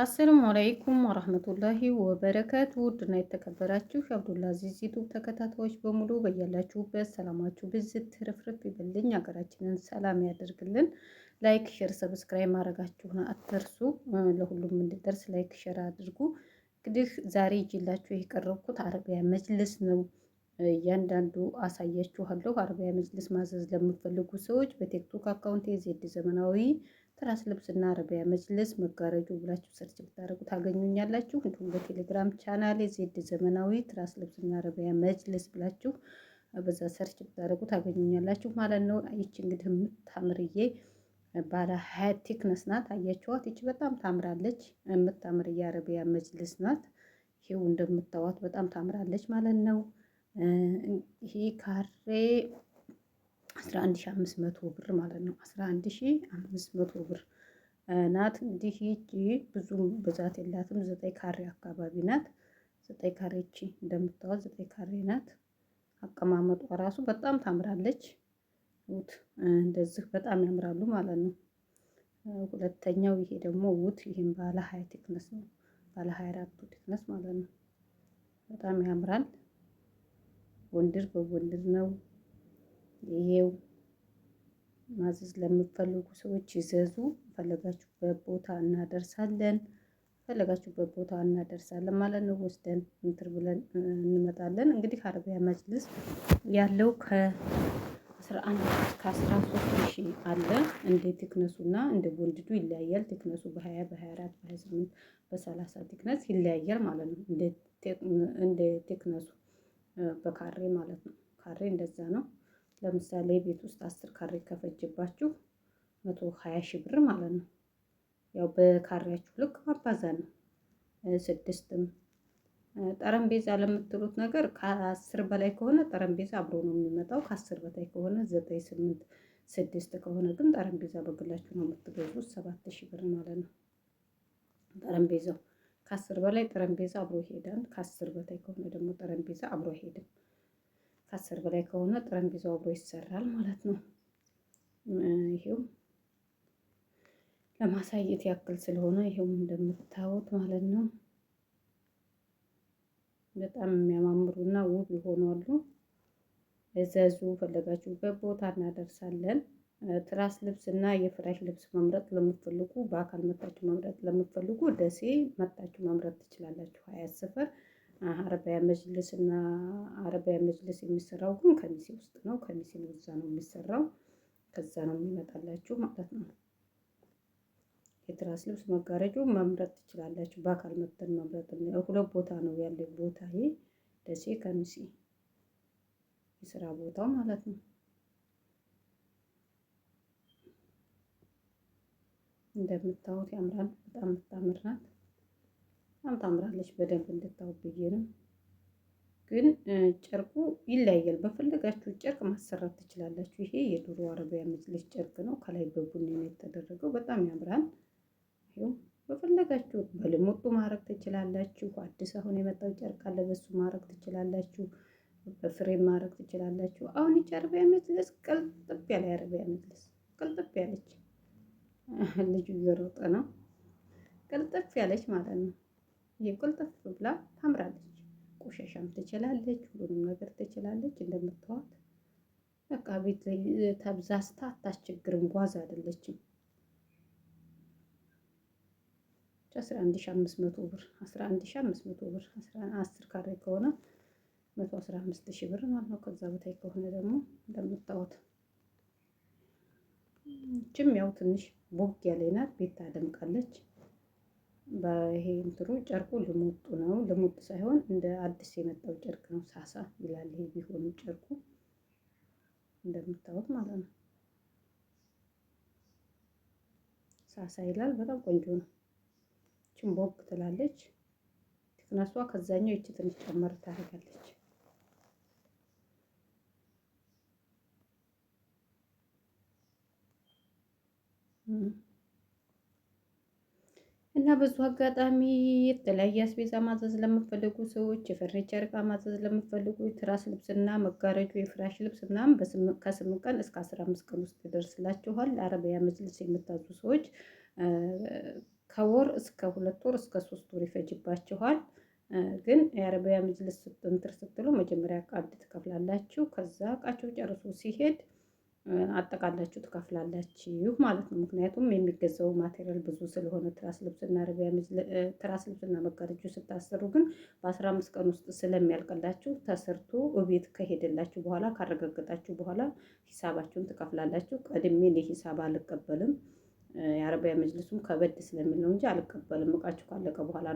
አሰላሙ አለይኩም ወራህመቱላሂ ወበረከቱ። ውድና የተከበራችሁ የአብዱልአዚዝ ዩቲዩብ ተከታታዮች በሙሉ በያላችሁበት ሰላማችሁ ብዝት ትርፍርፍ ይበልኝ፣ ሀገራችንን ሰላም ያደርግልን። ላይክ፣ ሼር፣ ሰብስክራይብ ማድረጋችሁን አትርሱ። ለሁሉም እንዲደርስ ላይክ፣ ሼር አድርጉ። እንግዲህ ዛሬ ይዤላችሁ የቀረብኩት አረቢያ መጅልስ ነው። እያንዳንዱ አሳያችኋለሁ። አረቢያ መጅልስ ማዘዝ ለምትፈልጉ ሰዎች በቲክቶክ አካውንት የዜድ ዘመናዊ ትራስ ልብስና አረቢያ መጅልስ መጋረጁ ብላችሁ ሰርች ብታደርጉ ታገኙኛላችሁ። እንዲሁም በቴሌግራም ቻናል ዜድ ዘመናዊ ትራስ ልብስና አረቢያ መጅልስ ብላችሁ በዛ ሰርች ብታደርጉ ታገኙኛላችሁ ማለት ነው። ይች እንግዲህ የምታምርዬ ባለ ሀያ ቴክነስ ናት። አያችኋት? ይች በጣም ታምራለች። የምታምር የአረቢያ መጅልስ ናት። ይሄው እንደምታዋት በጣም ታምራለች ማለት ነው። ይሄ ካሬ 11500 ብር ማለት ነው። 11500 ብር ናት። እንግዲህ ይቺ ብዙ ብዛት የላትም። ዘጠኝ ካሬ አካባቢ ናት። ዘጠኝ ካሬ ይቺ እንደምታወት ዘጠኝ ካሬ ናት። አቀማመጧ ራሱ በጣም ታምራለች። ውት እንደዚህ በጣም ያምራሉ ማለት ነው። ሁለተኛው ይሄ ደግሞ ውት ይህም ባለ ሀያ ቴክነስ ነው። ባለ ሀያ አራቱ ቴክነስ ማለት ነው። በጣም ያምራል። ወንድር በወንድር ነው። ይሄው ማዘዝ ለሚፈልጉ ሰዎች ይዘዙ። ፈለጋችሁበት ቦታ እናደርሳለን፣ ፈለጋችሁበት ቦታ እናደርሳለን ማለት ነው። ወስደን እንትር ብለን እንመጣለን። እንግዲህ አረቢያ መጅልስ ያለው ከአስራ አንድ እስከ አስራ ሶስት ሺ አለ። እንደ ቴክነሱና እንደ ቦንድዱ ይለያያል። ቴክነሱ በሀያ በሀያ አራት በሀያ ስምንት በሰላሳ ቴክነስ ይለያያል ማለት ነው። እንደ ቴክነሱ በካሬ ማለት ነው። ካሬ እንደዛ ነው። ለምሳሌ ቤት ውስጥ አስር ካሬ ከፈጀባችሁ መቶ ሀያ ሺህ ብር ማለት ነው። ያው በካሬያችሁ ልክ ማባዛት ነው። ስድስትም ጠረጴዛ ለምትሉት ነገር ከአስር በላይ ከሆነ ጠረጴዛ አብሮ ነው የሚመጣው። ከአስር በታይ ከሆነ ዘጠኝ፣ ስምንት፣ ስድስት ከሆነ ግን ጠረጴዛ በግላችሁ ነው የምትገዙት። ሰባት ሺህ ብር ማለት ነው። ጠረጴዛው ከአስር በላይ ጠረጴዛ አብሮ ይሄዳል። ከአስር በታይ ከሆነ ደግሞ ጠረጴዛ አብሮ አይሄድም። ከአስር በላይ ከሆነ ጠረጴዛው አብሮ ይሰራል ማለት ነው። ይሄው ለማሳየት ያክል ስለሆነ ይሄው እንደምታዩት ማለት ነው። በጣም የሚያማምሩ እና ውብ ይሆናሉ። እዘዙ፣ ፈለጋችሁበት ቦታ እናደርሳለን። ትራስ ልብስ እና የፍራሽ ልብስ መምረጥ ለምትፈልጉ በአካል መታችሁ መምረጥ ለምትፈልጉ ደሴ መታችሁ መምረጥ ትችላላችሁ። ሀያት ሰፈር አረቢያ መጅልስ እና አረቢያ መጅልስ የሚሰራው ግን ከሚሴ ውስጥ ነው። ከሚሴ እዛ ነው የሚሰራው። ከዛ ነው የሚመጣላችሁ ማለት ነው። የትራስ ልብስ መጋረጃው መምረጥ ትችላላችሁ። በአካል መጥተን መምረጥ ሁለት ቦታ ነው ያለው ቦታ ይሄ ደሴ ከሚሴ የስራ ቦታው ማለት ነው። እንደምታዩት ያምራል። በጣም የምታምር ናት። በጣም ታምራለች። በደንብ እንድታው ብዬ ነው። ግን ጨርቁ ይለያያል። በፈለጋችሁ ጨርቅ ማሰራት ትችላላችሁ። ይሄ የዱሮ አረቢያ መጅልስ ጨርቅ ነው። ከላይ በቡኒ ነው የተደረገው። በጣም ያምራል። ይኸው በፈለጋችሁ በልሙጡ ማድረግ ትችላላችሁ። አዲስ አሁን የመጣው ጨርቅ አለ። በሱ ማድረግ ትችላላችሁ። በፍሬም ማድረግ ትችላላችሁ። አሁን ይቺ አረቢያ መጅልስ ያለ አረቢያ መጅልስ ቅልጥብ ያለች ልጁ እየሮጠ ነው። ቅልጥፍ ያለች ማለት ነው። የቁልጥፍ ብላ ታምራለች። ቆሻሻም ትችላለች፣ ሁሉንም ነገር ትችላለች። እንደምታዋት በቃ ቤት ተብዛስታ አታስቸግርም። ጓዝ አይደለችም። አስራ አንድ ሺህ አምስት መቶ ብር አስራ አንድ ሺህ አምስት መቶ ብር አስር ካሬ ከሆነ መቶ አስራ አምስት ሺህ ብር ማለት ነው። ከዛ በታይ ከሆነ ደግሞ እንደምታዩት ችም ያው ትንሽ ቦግ ያለናት ቤት ታደምቃለች። በይሄ እንትኑ ጨርቁ ልሙጡ ነው። ልሙጥ ሳይሆን እንደ አዲስ የመጣው ጨርቅ ነው። ሳሳ ይላል። ይሄ ቢሆኑ ጨርቁ እንደምታዩት ማለት ነው። ሳሳ ይላል። በጣም ቆንጆ ነው። ችምቦክ ትላለች። ቲክነሷ ከዛኛው ይቺ ትንሽ ጨመር ታደርጋለች። እና ብዙ አጋጣሚ የተለያየ አስቤዛ ማዘዝ ለምፈልጉ ሰዎች የፈርኒቸር እቃ ማዘዝ ለምትፈልጉ የትራስ ልብስና መጋረጁ የፍራሽ ልብስ ምናምን ከስምንት ቀን እስከ አስራ አምስት ቀን ውስጥ ይደርስላችኋል። አረቢያ መጅልስ የምታዙ ሰዎች ከወር እስከ ሁለት ወር እስከ ሶስት ወር ይፈጅባችኋል። ግን የአረቢያ መጅልስ ስትንትር ስትሉ መጀመሪያ ቃድ ትከፍላላችሁ። ከዛ እቃቸው ጨርሶ ሲሄድ አጠቃላችሁ ትከፍላላችሁ ማለት ነው። ምክንያቱም የሚገዛው ማቴሪያል ብዙ ስለሆነ ትራስ ልብስና አረቢያን ትራስ ልብስና መጋረጆ ስታሰሩ ግን በአስራ አምስት ቀን ውስጥ ስለሚያልቅላችሁ ተሰርቶ እቤት ከሄደላችሁ በኋላ ካረጋገጣችሁ በኋላ ሂሳባችሁን ትከፍላላችሁ። ቀድሜ እኔ ሂሳብ አልቀበልም። የአረቢያ መጅልሱም ከበድ ስለሚል ነው እንጂ አልቀበልም። እቃችሁ ካለቀ በኋላ